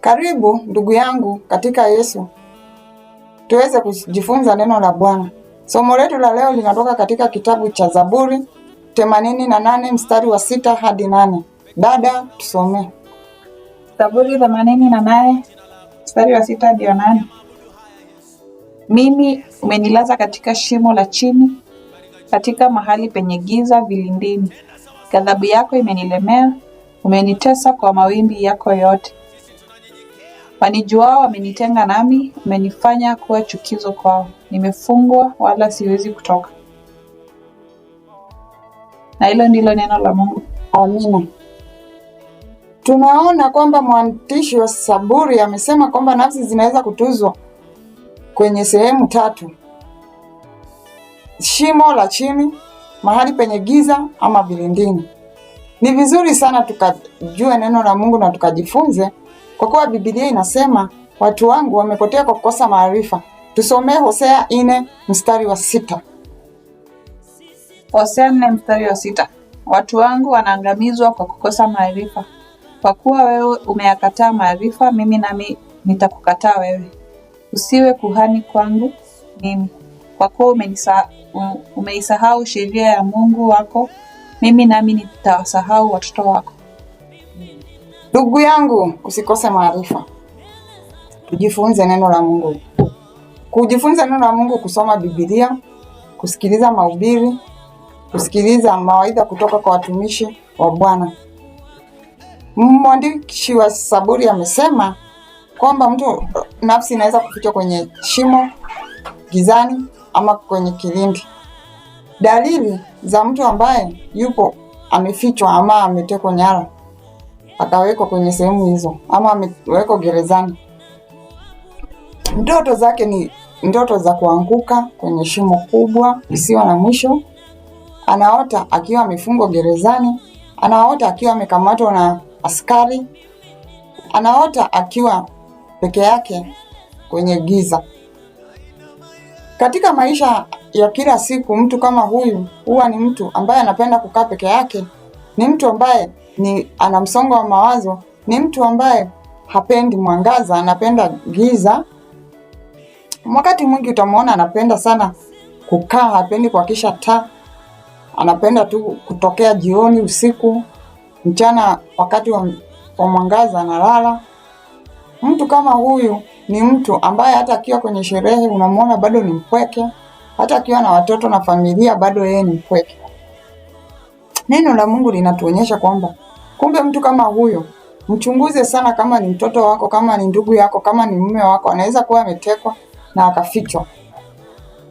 Karibu ndugu yangu katika Yesu, tuweze kujifunza neno la Bwana. Somo letu la leo linatoka katika kitabu cha Zaburi themanini nane mstari wa sita hadi nane. Dada tusomee Zaburi themanini na nane mstari wa sita hadi nane. Mimi umenilaza katika shimo la chini, katika mahali penye giza vilindini. Ghadhabu yako imenilemea, umenitesa kwa mawimbi yako yote. Wanijuao wamenitenga nami, wamenifanya kuwa chukizo kwao. Nimefungwa wala siwezi kutoka. Na hilo ndilo neno la Mungu. Amina. Tunaona kwamba mwandishi wa saburi amesema kwamba nafsi zinaweza kutuzwa kwenye sehemu tatu: shimo la chini, mahali penye giza ama vilindini. Ni vizuri sana tukajue neno la Mungu na tukajifunze kwa kuwa Biblia inasema watu wangu wamepotea kwa kukosa maarifa. Tusomee Hosea 4 mstari wa sita. Hosea nne mstari wa sita. Watu wangu wanaangamizwa kwa kukosa maarifa. Kwa kuwa wewe umeyakataa maarifa, mimi nami nitakukataa wewe, usiwe kuhani kwangu mimi. Kwa kuwa umeisahau sheria ya Mungu wako, mimi nami nitawasahau watoto wako. Ndugu yangu, usikose maarifa, tujifunze neno la Mungu. Kujifunza neno la Mungu, kusoma Biblia, kusikiliza mahubiri, kusikiliza mawaidha kutoka kwa watumishi wa Bwana. Mwandishi wa Saburi amesema kwamba mtu nafsi inaweza kufichwa kwenye shimo, gizani ama kwenye kilindi. Dalili za mtu ambaye yupo amefichwa ama ametekwa nyara akawekwa kwenye sehemu hizo, ama amewekwa gerezani. Ndoto zake ni ndoto za kuanguka kwenye shimo kubwa isiyo na mwisho. Anaota akiwa amefungwa gerezani, anaota akiwa amekamatwa na askari, anaota akiwa peke yake kwenye giza. Katika maisha ya kila siku, mtu kama huyu huwa ni mtu ambaye anapenda kukaa peke yake, ni mtu ambaye ni ana msongo wa mawazo, ni mtu ambaye hapendi mwangaza, anapenda giza. Wakati mwingi utamwona anapenda sana kukaa, hapendi kuwakisha taa, anapenda tu kutokea jioni, usiku, mchana, wakati wa, wa mwangaza analala. Mtu kama huyu ni mtu ambaye hata akiwa kwenye sherehe unamwona bado ni mpweke, hata akiwa na watoto na familia bado yeye ni mpweke. Neno la Mungu linatuonyesha kwamba Kumbe mtu kama huyo mchunguze sana, kama ni mtoto wako, kama ni ndugu yako, kama ni mume wako, anaweza kuwa ametekwa na akafichwa.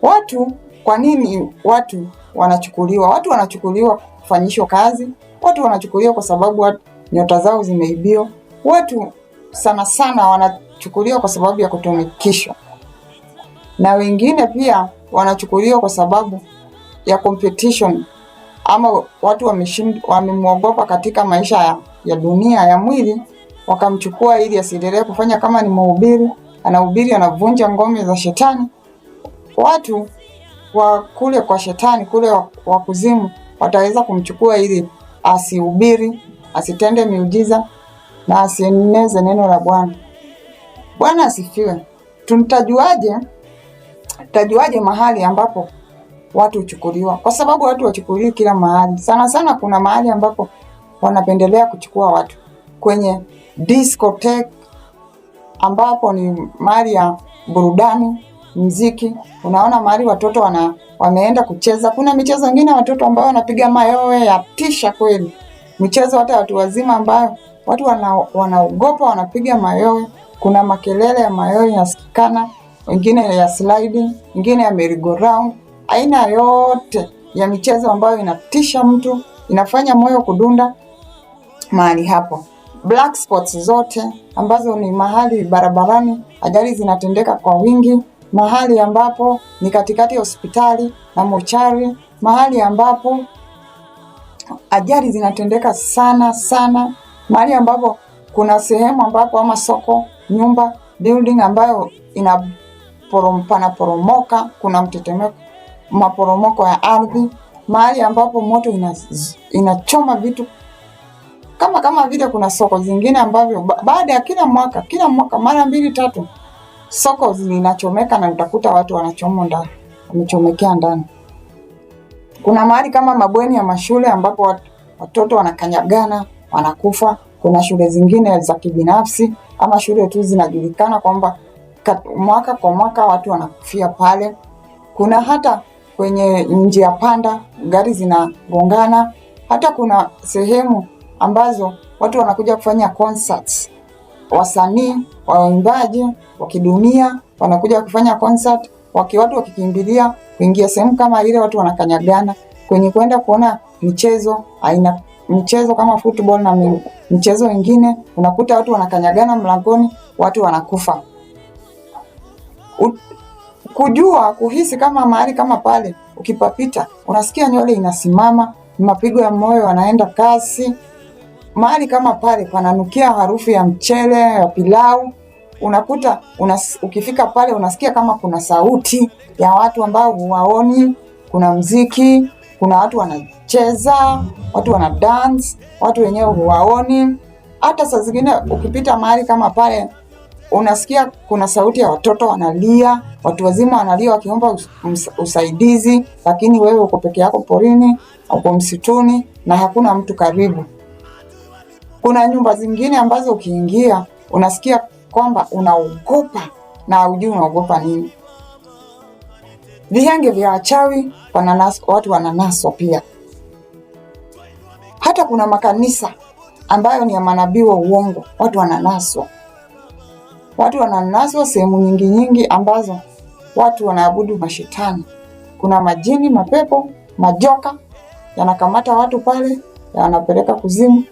Watu kwa nini watu wanachukuliwa? Watu wanachukuliwa kufanyishwa kazi, watu wanachukuliwa kwa sababu watu, nyota zao zimeibiwa. Watu sana sana wanachukuliwa kwa sababu ya kutumikishwa, na wengine pia wanachukuliwa kwa sababu ya competition ama watu wamemwogopa katika maisha ya, ya dunia ya mwili, wakamchukua ili asiendelee kufanya. Kama ni mhubiri, anahubiri anavunja ngome za shetani, watu wa kule kwa shetani kule wa kuzimu wataweza kumchukua ili asihubiri, asitende miujiza na asieneze neno la Bwana. Bwana asifiwe. Tutajuaje, tutajuaje mahali ambapo watu huchukuliwa, kwa sababu watu wachukuliwi kila mahali. Sana sana kuna mahali ambapo wanapendelea kuchukua watu kwenye discotheque, ambapo ni mahali ya burudani, mziki. Unaona mahali watoto wana wameenda kucheza. Kuna michezo mingine watoto ambayo wanapiga mayowe ya tisha kweli, michezo hata watu wazima ambayo watu wanaogopa, wana wanapiga mayowe. Kuna makelele ya mayowe yanasikikana, wengine ya sliding, wengine ya merry go round aina yote ya michezo ambayo inatisha mtu, inafanya moyo kudunda mahali hapo. Black spots zote ambazo ni mahali barabarani ajali zinatendeka kwa wingi, mahali ambapo ni katikati ya hospitali na mochari, mahali ambapo ajali zinatendeka sana sana, mahali ambapo kuna sehemu ambapo ama soko, nyumba, building ambayo ina poromoka, kuna mtetemeko maporomoko ya ardhi, mahali ambapo moto inachoma ina vitu kama kama vile. Kuna soko zingine ambavyo baada ya kila mwaka kila mwaka mara mbili tatu soko zinachomeka na utakuta watu wanachoma ndani, wamechomekea ndani. Kuna mahali kama mabweni ya mashule ambapo watoto wanakanyagana wanakufa. Kuna shule zingine za kibinafsi ama shule tu zinajulikana kwamba mwaka kwa mwaka watu wanakufia pale. Kuna hata kwenye njia panda, gari zinagongana. Hata kuna sehemu ambazo watu wanakuja kufanya concerts, wasanii waimbaji wa kidunia wanakuja kufanya concert, waki watu wakikimbilia kuingia sehemu kama ile, watu wanakanyagana kwenye kwenda kuona michezo aina michezo kama football na michezo mingine, unakuta watu wanakanyagana mlangoni, watu wanakufa kujua kuhisi kama mahali kama pale ukipapita unasikia nywele inasimama, mapigo ya moyo yanaenda kasi. Mahali kama pale pananukia harufu ya mchele ya pilau, unakuta unas, ukifika pale unasikia kama kuna sauti ya watu ambao huwaoni, kuna mziki, kuna watu wanacheza, watu wana dance, watu wenyewe huwaoni. Hata saa zingine ukipita mahali kama pale unasikia kuna sauti ya watoto wanalia, watu wazima wanalia wakiomba usaidizi, lakini wewe uko peke yako porini, uko msituni na hakuna mtu karibu. Kuna nyumba zingine ambazo ukiingia unasikia kwamba unaogopa na hujui unaogopa nini. Vihenge vya wachawi wananas, watu wananaswa pia. Hata kuna makanisa ambayo ni ya manabii wa uongo, watu wananaswa Watu wananaswa sehemu nyingi nyingi ambazo watu wanaabudu mashetani. Kuna majini, mapepo, majoka yanakamata watu pale, yanapeleka kuzimu.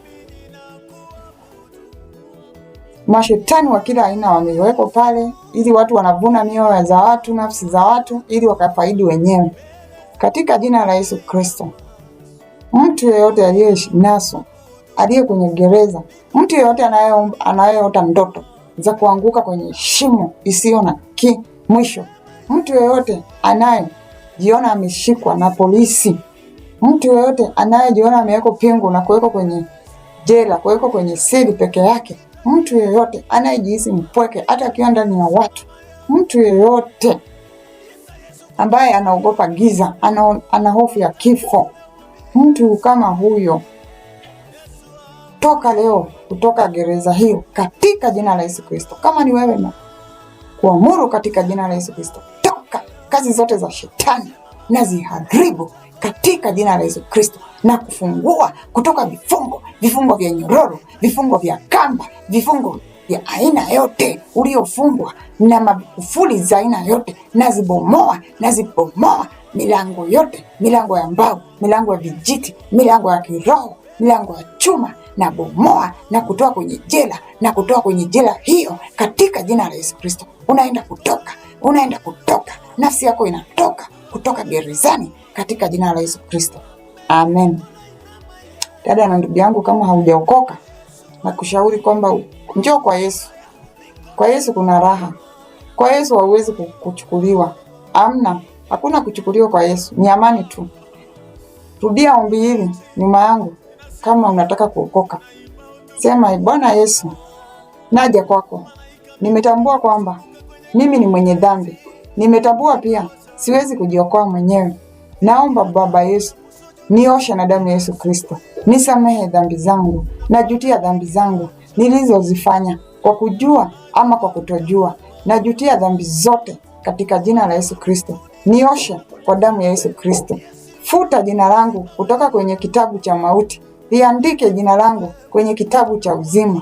Mashetani wa kila aina wamewekwa pale, ili watu wanavuna mioyo za watu, nafsi za watu, ili wakafaidi wenyewe. Katika jina la Yesu Kristo, mtu yeyote aliyenaswa, aliye kwenye gereza, mtu yeyote anayeota ndoto za kuanguka kwenye shimo isiyo na mwisho. Mtu yeyote anayejiona ameshikwa na polisi, mtu yeyote anayejiona amewekwa pingu na kuwekwa kwenye jela, kuwekwa kwenye seli peke yake, mtu yeyote anayejihisi mpweke hata akiwa ndani ya watu, mtu yeyote ambaye anaogopa giza, ana hofu ya kifo, mtu kama huyo Toka leo kutoka gereza hiyo katika jina la Yesu Kristo. Kama ni wewe na kuamuru katika jina la Yesu Kristo, toka kazi zote za shetani na ziharibu katika jina la Yesu Kristo, na kufungua kutoka vifungo, vifungo vya nyororo, vifungo vya kamba, vifungo vya aina yote uliofungwa na makufuli za aina yote, nazibomoa, nazibomoa milango yote, milango ya mbao, milango ya vijiti, milango ya kiroho, milango ya chuma na bomoa na kutoa kwenye jela na kutoa kwenye jela hiyo katika jina la Yesu Kristo. Unaenda kutoka, unaenda kutoka, nafsi yako inatoka kutoka gerezani katika jina la Yesu Kristo, amen. Dada na ndugu yangu, kama haujaokoka nakushauri kwamba njoo kwa Yesu. Kwa Yesu kuna raha, kwa Yesu hauwezi kuchukuliwa. Amna, hakuna kuchukuliwa kwa Yesu, ni amani tu. Rudia ombi hili nyuma yangu. Kama unataka kuokoka, sema Bwana Yesu, naja kwako, nimetambua kwamba mimi ni mwenye dhambi, nimetambua pia siwezi kujiokoa mwenyewe. Naomba Baba Yesu nioshe na damu ya Yesu Kristo, nisamehe dhambi zangu, najutia dhambi zangu nilizozifanya kwa kujua ama kwa kutojua. Najutia dhambi zote katika jina la Yesu Kristo, nioshe kwa damu ya Yesu Kristo. Futa jina langu kutoka kwenye kitabu cha mauti, liandike jina langu kwenye kitabu cha uzima.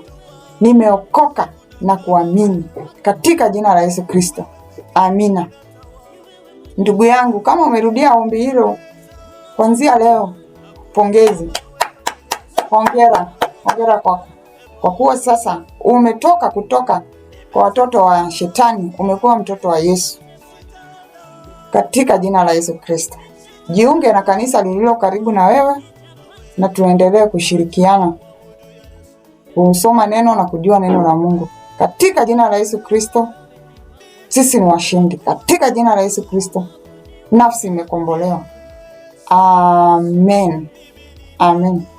Nimeokoka na kuamini katika jina la Yesu Kristo, amina. Ndugu yangu, kama umerudia ombi hilo kuanzia leo, pongezi, hongera, hongera kwako, kwa kuwa sasa umetoka kutoka kwa watoto wa shetani, umekuwa mtoto wa Yesu katika jina la Yesu Kristo. Jiunge na kanisa lililo karibu na wewe na tuendelee kushirikiana kusoma neno na kujua neno la Mungu katika jina la Yesu Kristo. Sisi ni washindi katika jina la Yesu Kristo. Nafsi imekombolewa. Amen. Amen.